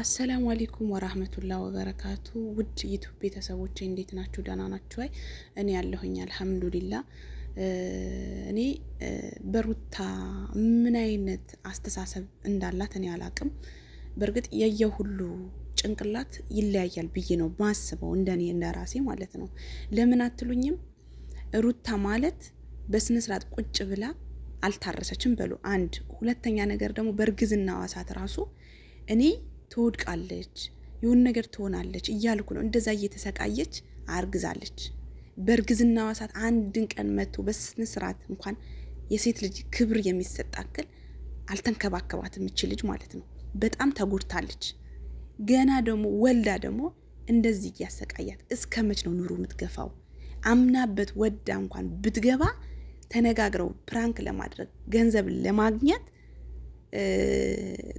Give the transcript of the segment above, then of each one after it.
አሰላሙ አሌይኩም ወራህመቱላ ወበረካቱ። ውድ ዩቱብ ቤተሰቦች እንዴት ናችሁ? ደህና ናችሁ? አይ እኔ ያለሁኝ አልሐምዱሊላ። እኔ በሩታ ምን አይነት አስተሳሰብ እንዳላት እኔ አላቅም። በእርግጥ የየው ሁሉ ጭንቅላት ይለያያል ብዬ ነው ማስበው፣ እንደኔ እንደራሴ ማለት ነው። ለምን አትሉኝም? ሩታ ማለት በስነስርዓት ቁጭ ብላ አልታረሰችም በሉ። አንድ ሁለተኛ ነገር ደግሞ በእርግዝና ዋሳት ራሱ እኔ ትወድቃለች፣ የሆን ነገር ትሆናለች እያልኩ ነው። እንደዛ እየተሰቃየች አርግዛለች። በእርግዝና ዋሳት አንድን ቀን መጥቶ በስነ ስርዓት እንኳን የሴት ልጅ ክብር የሚሰጣክል አልተንከባከባት የምችል ልጅ ማለት ነው። በጣም ተጎድታለች። ገና ደግሞ ወልዳ ደግሞ እንደዚህ እያሰቃያት እስከ መች ነው ኑሮ የምትገፋው? አምናበት ወዳ እንኳን ብትገባ ተነጋግረው ፕራንክ ለማድረግ ገንዘብ ለማግኘት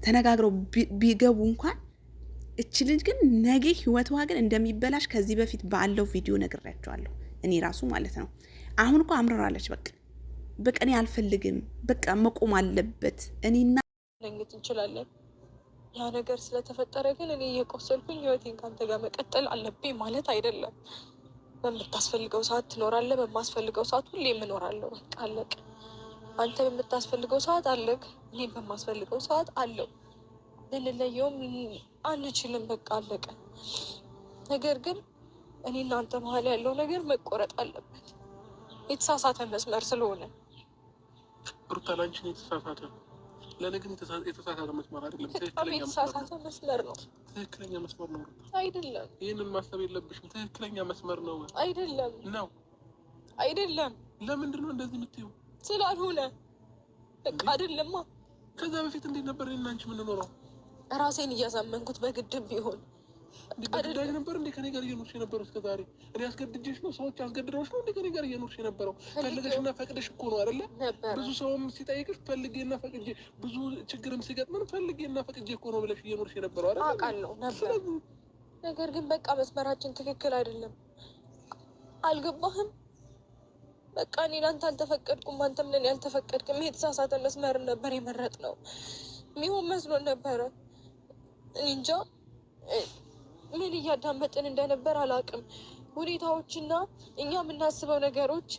ተነጋግረው ቢገቡ እንኳን እች ልጅ ግን ነገ ህይወቷ ግን እንደሚበላሽ ከዚህ በፊት ባለው ቪዲዮ ነግሬያቸዋለሁ። እኔ ራሱ ማለት ነው። አሁን እኮ አምርራለች። በቃ በቃ እኔ አልፈልግም፣ በቃ መቆም አለበት። እኔና ለኝት እንችላለን። ያ ነገር ስለተፈጠረ ግን እኔ እየቆሰልኩኝ ህይወቴን ከአንተ ጋር መቀጠል አለብኝ ማለት አይደለም። በምታስፈልገው ሰዓት ትኖራለህ፣ በማስፈልገው ሰዓት ሁሌ የምኖራለሁ። በቃ አለቅ አንተ በምታስፈልገው ሰዓት አለክ፣ እኔ በማስፈልገው ሰዓት አለው። ልንለየውም አንችልም። በቃ አለቀ። ነገር ግን እኔ እናንተ መሀል ያለው ነገር መቆረጥ አለበት፣ የተሳሳተ መስመር ስለሆነ ሩታ፣ የተሳሳተ ለእኔ ግን የተሳሳተ መስመር አይደለም። የተሳሳተ መስመር ነው። ትክክለኛ መስመር ነው አይደለም። ይህንን ማሰብ የለብሽም። ትክክለኛ መስመር ነው አይደለም። ነው አይደለም። ለምንድን ነው እንደዚህ የምትይው? ስላልሆነ በቃ አይደለማ። ከዛ በፊት እንዴት ነበር እኔ እና አንቺ የምንኖረው? ራሴን እያሳመንኩት በግድም ቢሆን ግዳጅ ነበር እንዴ ከኔ ጋር እየኖርሽ የነበረው? እስከ ዛሬ እኔ አስገድጄሽ ነው? ሰዎች አስገድደውሽ ነው እንዴ ከኔ ጋር እየኖርሽ የነበረው? ፈልገሽና ፈቅደሽ እኮ ነው አይደለ? ብዙ ሰውም ሲጠይቅሽ ፈልጌና ፈቅጄ፣ ብዙ ችግርም ሲገጥመን ፈልጌና ፈቅጄ እኮ ነው ብለሽ እየኖርሽ የነበረው አይደለ? አውቃለሁ ነበር። ነገር ግን በቃ መስመራችን ትክክል አይደለም። አልገባህም? በቃ እኔ ለአንተ አልተፈቀድኩም፣ አንተም ለእኔ አልተፈቀድክም። የተሳሳተ መስመር ነበር የመረጥ ነው ሚሆን መስሎ ነበረ። እንጃ ምን እያዳመጥን እንደነበር አላውቅም። ሁኔታዎችና እኛ የምናስበው ነገሮች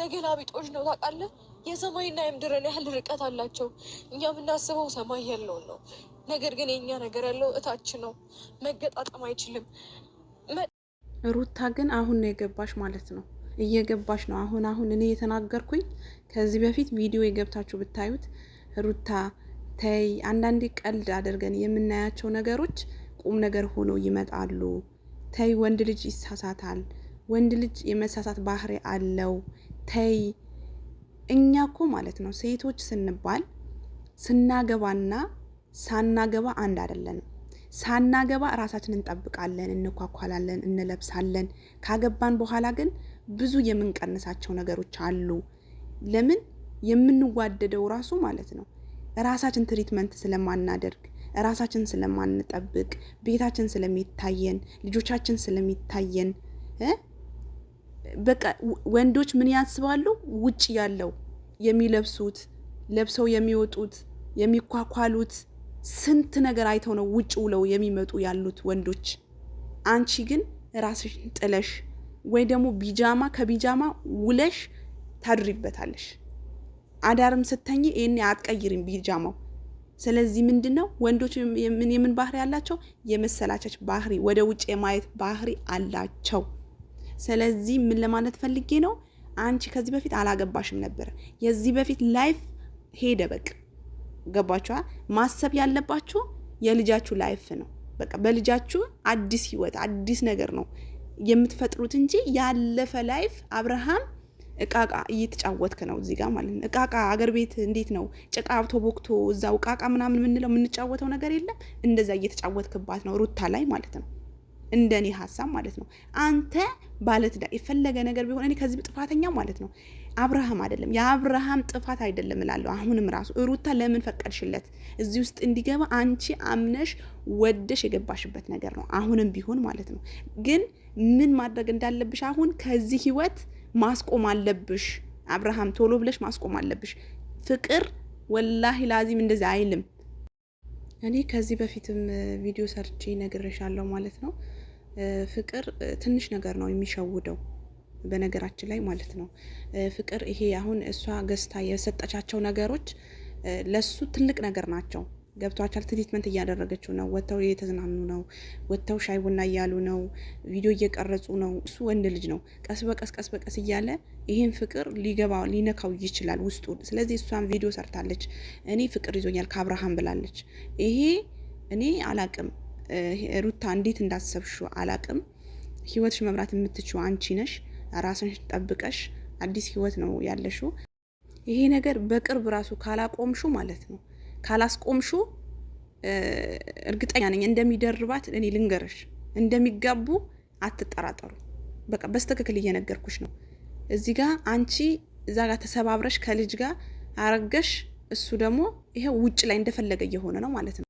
ተገላቢጦች ነው ታውቃለህ። የሰማይና የምድርን ያህል ርቀት አላቸው። እኛ የምናስበው ሰማይ ያለውን ነው፣ ነገር ግን የእኛ ነገር ያለው እታች ነው። መገጣጠም አይችልም። ሩታ ግን አሁን ነው የገባሽ ማለት ነው። እየገባሽ ነው። አሁን አሁን እኔ የተናገርኩኝ ከዚህ በፊት ቪዲዮ የገብታችሁ ብታዩት ሩታ ተይ፣ አንዳንዴ ቀልድ አድርገን የምናያቸው ነገሮች ቁም ነገር ሆነው ይመጣሉ። ተይ፣ ወንድ ልጅ ይሳሳታል። ወንድ ልጅ የመሳሳት ባህሪ አለው። ተይ፣ እኛ እኮ ማለት ነው ሴቶች ስንባል ስናገባና ሳናገባ አንድ አይደለንም። ሳናገባ ራሳችንን እንጠብቃለን፣ እንኳኳላለን፣ እንለብሳለን። ካገባን በኋላ ግን ብዙ የምንቀንሳቸው ነገሮች አሉ። ለምን የምንዋደደው ራሱ ማለት ነው ራሳችን ትሪትመንት ስለማናደርግ ራሳችን ስለማንጠብቅ ቤታችን ስለሚታየን ልጆቻችን ስለሚታየን በቃ ወንዶች ምን ያስባሉ? ውጭ ያለው የሚለብሱት ለብሰው የሚወጡት የሚኳኳሉት ስንት ነገር አይተው ነው ውጭ ውለው የሚመጡ ያሉት ወንዶች። አንቺ ግን ራስሽን ጥለሽ ወይ ደግሞ ቢጃማ ከቢጃማ ውለሽ ታድሪበታለሽ። አዳርም ስተኝ ይህን አትቀይሪም ቢጃማው። ስለዚህ ምንድን ነው ወንዶች የምን ባህሪ አላቸው? የመሰላቸች ባህሪ፣ ወደ ውጭ የማየት ባህሪ አላቸው። ስለዚህ ምን ለማለት ፈልጌ ነው? አንቺ ከዚህ በፊት አላገባሽም ነበር። የዚህ በፊት ላይፍ ሄደ። በቃ ገባችኋ? ማሰብ ያለባችሁ የልጃችሁ ላይፍ ነው። በቃ በልጃችሁ አዲስ ህይወት አዲስ ነገር ነው የምትፈጥሩት እንጂ ያለፈ ላይፍ አብርሃም እቃቃ እየተጫወትክ ነው እዚህ ጋር ማለት ነው። እቃቃ አገር ቤት እንዴት ነው ጭቃ አብቶ ቦክቶ እዛው እቃቃ ምናምን የምንለው የምንጫወተው ነገር የለም። እንደዛ እየተጫወትክባት ነው ሩታ ላይ ማለት ነው። እንደኔ ሀሳብ ማለት ነው። አንተ ባለትዳር የፈለገ ነገር ቢሆን እኔ ከዚህ ጥፋተኛ ማለት ነው አብርሃም አይደለም። የአብርሃም ጥፋት አይደለም እላለሁ። አሁንም ራሱ ሩታ ለምን ፈቀድሽለት እዚህ ውስጥ እንዲገባ? አንቺ አምነሽ ወደሽ የገባሽበት ነገር ነው። አሁንም ቢሆን ማለት ነው ግን ምን ማድረግ እንዳለብሽ አሁን ከዚህ ህይወት ማስቆም አለብሽ አብርሃም፣ ቶሎ ብለሽ ማስቆም አለብሽ። ፍቅር ወላሂ ላዚም እንደዚህ አይልም። እኔ ከዚህ በፊትም ቪዲዮ ሰርቼ ነግሬሻለሁ ማለት ነው። ፍቅር ትንሽ ነገር ነው የሚሸውደው በነገራችን ላይ ማለት ነው። ፍቅር ይሄ አሁን እሷ ገዝታ የሰጠቻቸው ነገሮች ለሱ ትልቅ ነገር ናቸው። ገብቷቸዋል። ትሪትመንት እያደረገችው ነው። ወጥተው እየተዝናኑ ነው። ወጥተው ሻይ ቡና እያሉ ነው። ቪዲዮ እየቀረጹ ነው። እሱ ወንድ ልጅ ነው። ቀስ በቀስ ቀስ በቀስ እያለ ይህን ፍቅር ሊገባ ሊነካው ይችላል ውስጡ። ስለዚህ እሷን ቪዲዮ ሰርታለች። እኔ ፍቅር ይዞኛል ከአብርሃም ብላለች። ይሄ እኔ አላቅም፣ ሩታ እንዴት እንዳሰብሹ አላቅም። ህይወትሽ መብራት የምትችው አንቺ ነሽ። ራስን ጠብቀሽ አዲስ ህይወት ነው ያለሽው። ይሄ ነገር በቅርብ ራሱ ካላቆምሹ ማለት ነው ካላስቆምሹ እርግጠኛ ነኝ እንደሚደርባት እኔ ልንገርሽ፣ እንደሚጋቡ አትጠራጠሩ። በቃ በስተክክል እየነገርኩሽ ነው። እዚህ ጋ አንቺ እዛ ጋር ተሰባብረሽ ከልጅ ጋር አረገሽ፣ እሱ ደግሞ ይሄ ውጭ ላይ እንደፈለገ እየሆነ ነው ማለት ነው።